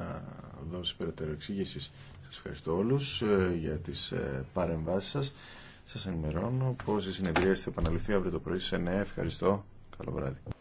να δώσει περαιτέρω εξήγηση. Σας ευχαριστώ όλους ε, για τις ε, παρεμβάσεις σας. Σας ενημερώνω πως η συνεδρία θα επαναληφθεί αύριο το πρωί σε 9. Ευχαριστώ. Καλό βράδυ.